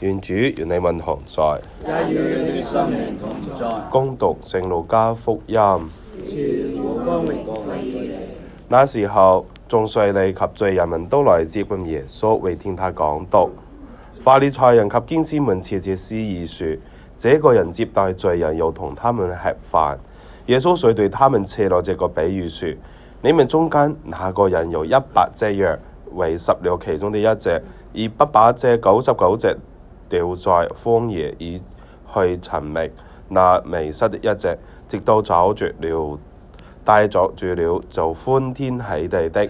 願主與你同在，也與你的心靈同在。攻讀聖路加福音，那時候，眾稅吏及罪人們都來接近耶穌，為聽他講道。法利賽人及經師們竊竊私議，説：這個人接待罪人，又同他們吃飯。耶穌遂對他們設落這個比喻說，説：你們中間哪個人有一百隻羊，遺失了其中的一隻，而不把這九十九隻，掉在荒野以去尋覓，那迷失的一隻，直到找着了，帶著住了就歡天喜地的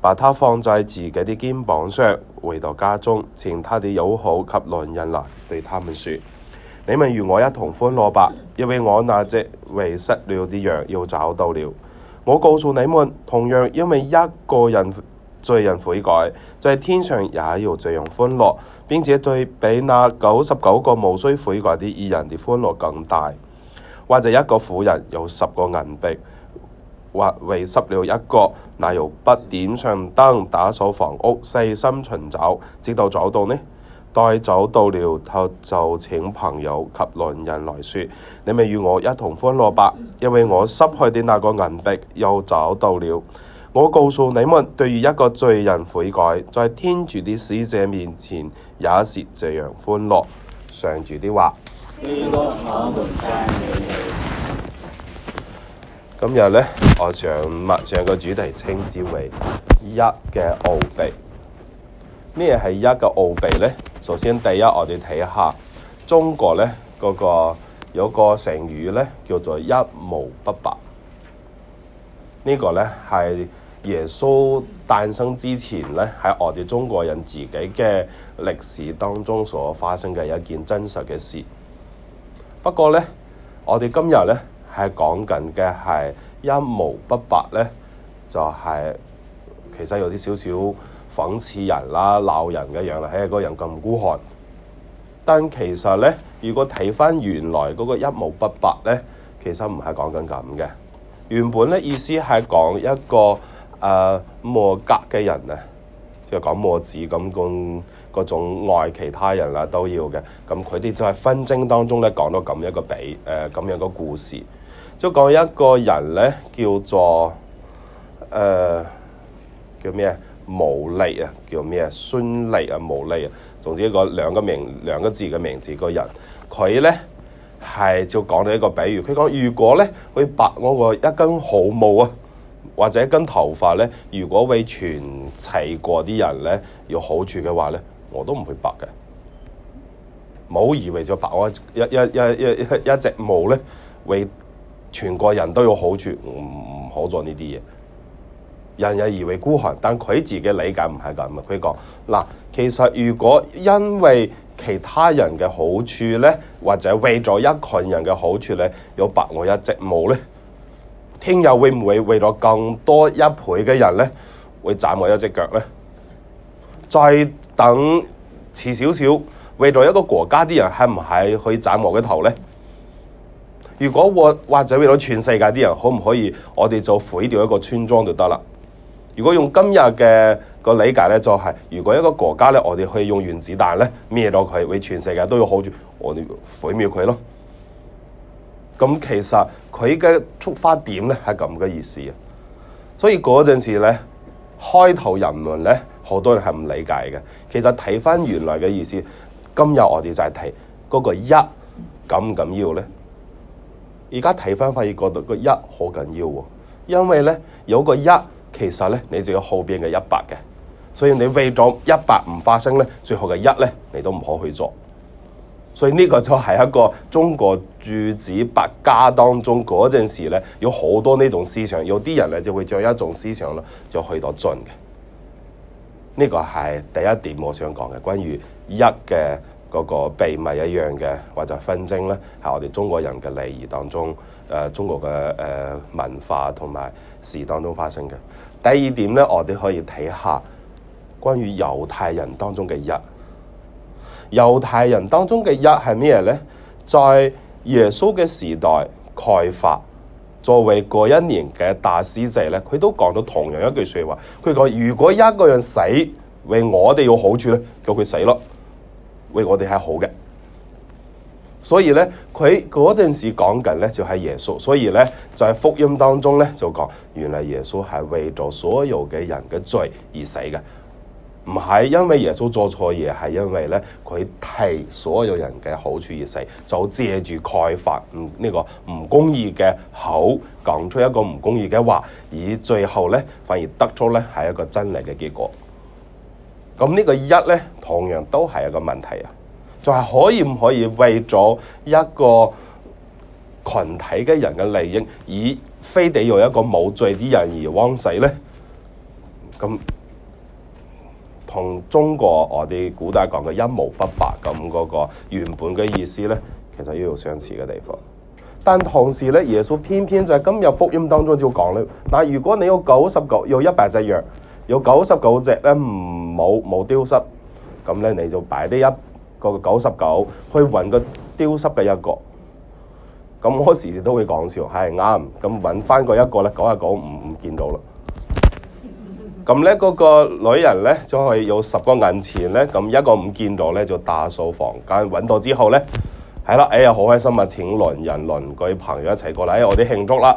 把它放在自己的肩膀上，回到家中，請他的友好及鄰人嚟對他們説：你們與我一同歡樂吧，因為我那隻迷失了的羊又找到了。我告訴你們，同樣因為一個人。罪人悔改，在、就是、天上也要這樣歡樂，並且對比那九十九個無需悔改的義人的歡樂更大。或者一個婦人有十個銀幣，或遺失了一個，那又不點上燈，打掃房屋，細心尋找，直到找到呢？待找到了，就就請朋友及鄰人來説：你們與我一同歡樂吧，因為我失去的那個銀幣又找到了。我告訴你們，對於一個罪人悔改，就是、在天主的使者面前也是這樣歡樂。上主的話。今日呢，我上物上個主題稱之為一嘅奧秘。咩係一嘅奧秘呢？首先第一，我哋睇下中國呢嗰個有個成語呢，叫做一毛不拔。呢個呢係耶穌誕生之前呢，喺我哋中國人自己嘅歷史當中所發生嘅一件真實嘅事。不過呢，我哋今日呢係講緊嘅係一毛不拔呢就係、是、其實有啲少少諷刺人啦、鬧人嘅樣啦。嘿，嗰人咁孤寒！但其實呢，如果睇翻原來嗰個一毛不拔呢，其實唔係講緊咁嘅。原本咧，意思係講一個誒磨、呃、格嘅人啊，即係講磨子咁嗰嗰種愛其他人啦都要嘅。咁佢啲就喺分經當中咧，講到咁一個比誒咁、呃、樣個故事，即係講一個人咧叫做誒、呃、叫咩啊？毛利啊，叫咩啊？孫利啊，毛利啊，總之一個兩個名兩個字嘅名字個人，佢咧。係，就講到一個比喻，佢講如果咧，去拔我個一根毫毛啊，或者一根頭髮咧，如果為全齊個啲人咧有好處嘅話咧，我都唔會拔嘅。冇以為就拔我一一一一一,一,一,一隻毛咧，為全國人都有好處，唔好做呢啲嘢。人人以為孤寒，但佢自己理解唔係咁啊。佢講嗱，其實如果因為其他人嘅好處咧，或者為咗一群人嘅好處咧，要拔我一隻毛咧，聽日會唔會為咗更多一倍嘅人咧，會斬我一隻腳咧？再等遲少少，為咗一個國家啲人係唔係可以斬我嘅頭咧？如果我或者為咗全世界啲人，可唔可以我哋就毀掉一個村莊就得啦？如果用今日嘅個理解咧，就係、是、如果一個國家咧，我哋可以用原子彈咧，滅咗佢，會全世界都要好住我哋毀滅佢咯。咁、嗯、其實佢嘅觸發點咧係咁嘅意思啊。所以嗰陣時咧，開頭人們咧，好多人係唔理解嘅。其實睇翻原來嘅意思，今日我哋就係睇嗰個一咁唔緊要咧。而家睇翻反而覺得個一好緊要喎，因為咧有個一。其實咧，你就要好邊嘅一百嘅，所以你為咗一百唔發生咧，最後嘅一咧，你都唔可去做。所以呢個就係一個中國諸子百家當中嗰陣時咧，有好多呢種思想，有啲人咧就會將一種思想咧就去到盡嘅。呢個係第一點我想講嘅，關於一嘅。嗰個秘密一樣嘅，或者紛爭咧，喺我哋中國人嘅利益當中，誒、呃、中國嘅誒、呃、文化同埋事當中發生嘅。第二點咧，我哋可以睇下關於猶太人當中嘅一，猶太人當中嘅一係咩咧？在耶穌嘅時代，蓋法作為嗰一年嘅大司祭咧，佢都講到同樣一句説話，佢講：如果一個人死為我哋有好處咧，叫佢死咯。喂，為我哋係好嘅，所以咧，佢嗰陣時講緊咧就係耶穌，所以咧，在、就係、福音當中咧就講，原來耶穌係為咗所有嘅人嘅罪而死嘅，唔係因為耶穌做錯嘢，係因為咧佢替所有人嘅好處而死，就借住蓋法呢個唔公義嘅口講出一個唔公義嘅話，而最後咧反而得出咧係一個真理嘅結果。咁、這個、呢個一咧，同樣都係一個問題啊！就係、是、可以唔可以為咗一個群體嘅人嘅利益，而非得要一個冇罪啲人而枉死咧？咁同中國我哋古代講嘅一毛不拔咁嗰個原本嘅意思咧，其實都有相似嘅地方。但同時咧，耶穌偏偏就喺今日福音當中就講咧：嗱，如果你有九十九有一百隻羊，有九十九隻咧，冇冇丟失，咁咧你就擺啲一個九十九去揾個丟失嘅一個，咁我時時都會講笑，係啱，咁揾翻個一個咧，九十九，唔唔見到啦。咁咧嗰個女人咧，就可以有十個銀錢咧，咁一個唔見到咧，就打掃房間揾到之後咧，係啦，哎呀好開心啊！請鄰人鄰居朋友一齊過嚟、哎，我哋慶祝啦！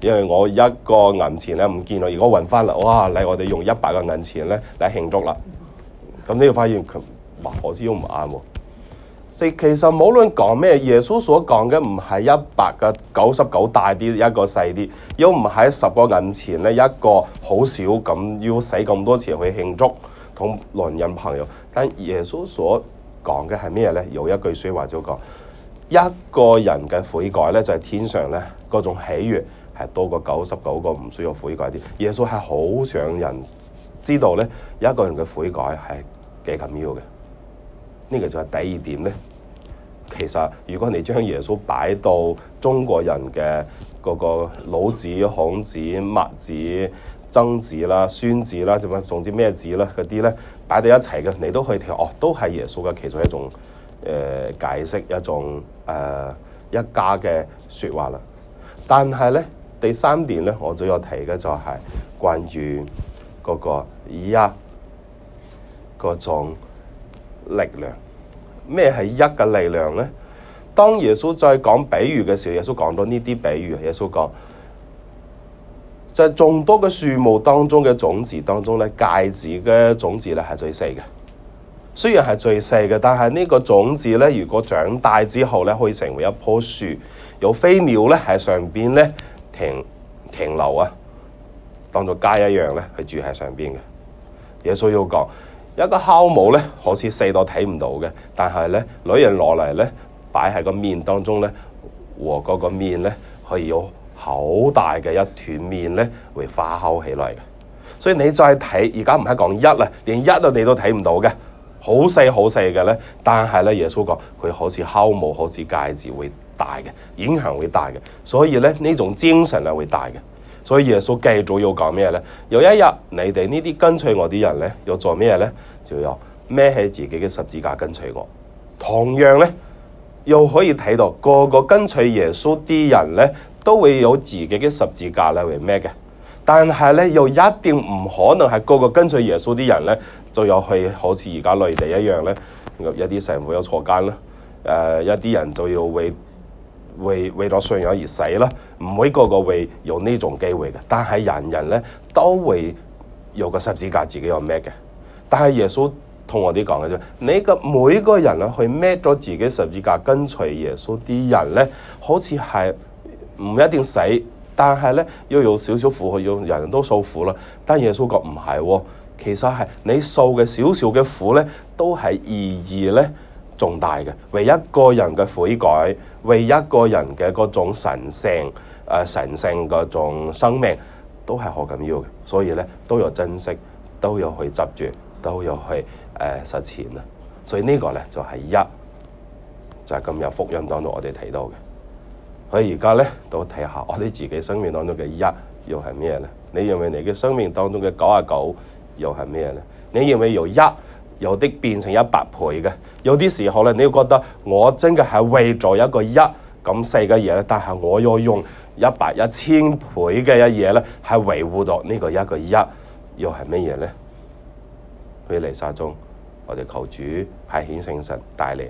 因為我一個銀錢咧唔見咯，如果揾翻嚟，哇嚟！我哋用一百個銀錢咧嚟慶祝啦。咁你要發現佢我知都唔啱喎？其實無論講咩，耶穌所講嘅唔係一百個九十九大啲一，一個細啲，又唔係十個銀錢咧一個好少咁要使咁多錢去慶祝同鄰人朋友。但耶穌所講嘅係咩咧？有一句説話就講一個人嘅悔改咧，就係天上咧嗰種喜悦，多過九十九個唔需要悔改啲，耶穌係好想人知道咧，一個人嘅悔改係幾緊要嘅。呢、這個就係第二點咧。其實如果你將耶穌擺到中國人嘅嗰個老子、孔子、墨子、曾子啦、孫子啦，咁啊，總之咩子啦嗰啲咧，擺到一齊嘅，你都可以聽哦，都係耶穌嘅其中一種誒、呃、解釋，一種誒、呃、一家嘅說話啦。但係咧。第三點咧，我最有提嘅就係關於嗰、那個一嗰、哎、種力量。咩係一嘅力量咧？當耶穌再講比喻嘅時候，耶穌講到呢啲比喻。耶穌講，在、就是、眾多嘅樹木當中嘅種子當中咧，芥子嘅種子咧係最細嘅。雖然係最細嘅，但係呢個種子咧，如果長大之後咧，可以成為一棵樹。有飛鳥咧喺上邊咧。停停留啊，當做街一樣咧，係住喺上邊嘅。耶穌要講一個酵母咧，好似細到睇唔到嘅，但係咧，女人攞嚟咧，擺喺個麵當中咧，和嗰個麵咧，可以有好大嘅一團麵咧，會化酵起嚟嘅。所以你再睇而家唔係講一啊，連一啊你都睇唔到嘅，好細好細嘅咧，但係咧，耶穌講佢好似酵母，好似戒指會。大嘅影響會大嘅，所以咧呢種精神啊會大嘅。所以耶穌繼續要講咩咧？有一日你哋呢啲跟隨我啲人咧，要做咩咧？就要孭起自己嘅十字架跟隨我。同樣咧，又可以睇到個個跟隨耶穌啲人咧，都會有自己嘅十字架啦，會孭嘅。但係咧，又一定唔可能係個個跟隨耶穌啲人咧，就要去好似而家內地一樣咧，有啲神會有坐監啦，誒、呃、一啲人就要為。為為咗信仰而死啦，唔會個個會有呢種機會嘅。但係人人咧都會有個十字架，自己有孭嘅。但係耶穌同我哋講嘅啫，你嘅每個人啊去孭咗自己十字架，跟隨耶穌啲人咧，好似係唔一定死，但係咧要有少少苦，要人人都受苦啦。但耶穌講唔係，其實係你受嘅少少嘅苦咧，都係意義咧。重大嘅，為一個人嘅悔改，為一個人嘅嗰種神聖誒、呃、神聖嗰種生命，都係好緊要嘅，所以咧都有珍惜，都有去執住，都有去誒、呃、實踐啊！所以個呢個咧就係、是、一，就係今日福音當中我哋睇到嘅。所以而家咧都睇下我哋自己生命當中嘅一又係咩咧？你認為你嘅生命當中嘅九啊九又係咩咧？你認為又一？有啲變成一百倍嘅，有啲時候咧，你覺得我真嘅係為咗一個一咁細嘅嘢，但係我要用一百、一千倍嘅一嘢咧，係維護到呢個一個一，又係乜嘢咧？喺彌撒中，我哋求主係顯聖神帶嚟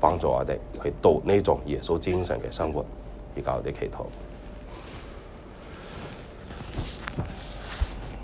幫助我哋去度呢種耶穌精神嘅生活，而教我哋祈禱。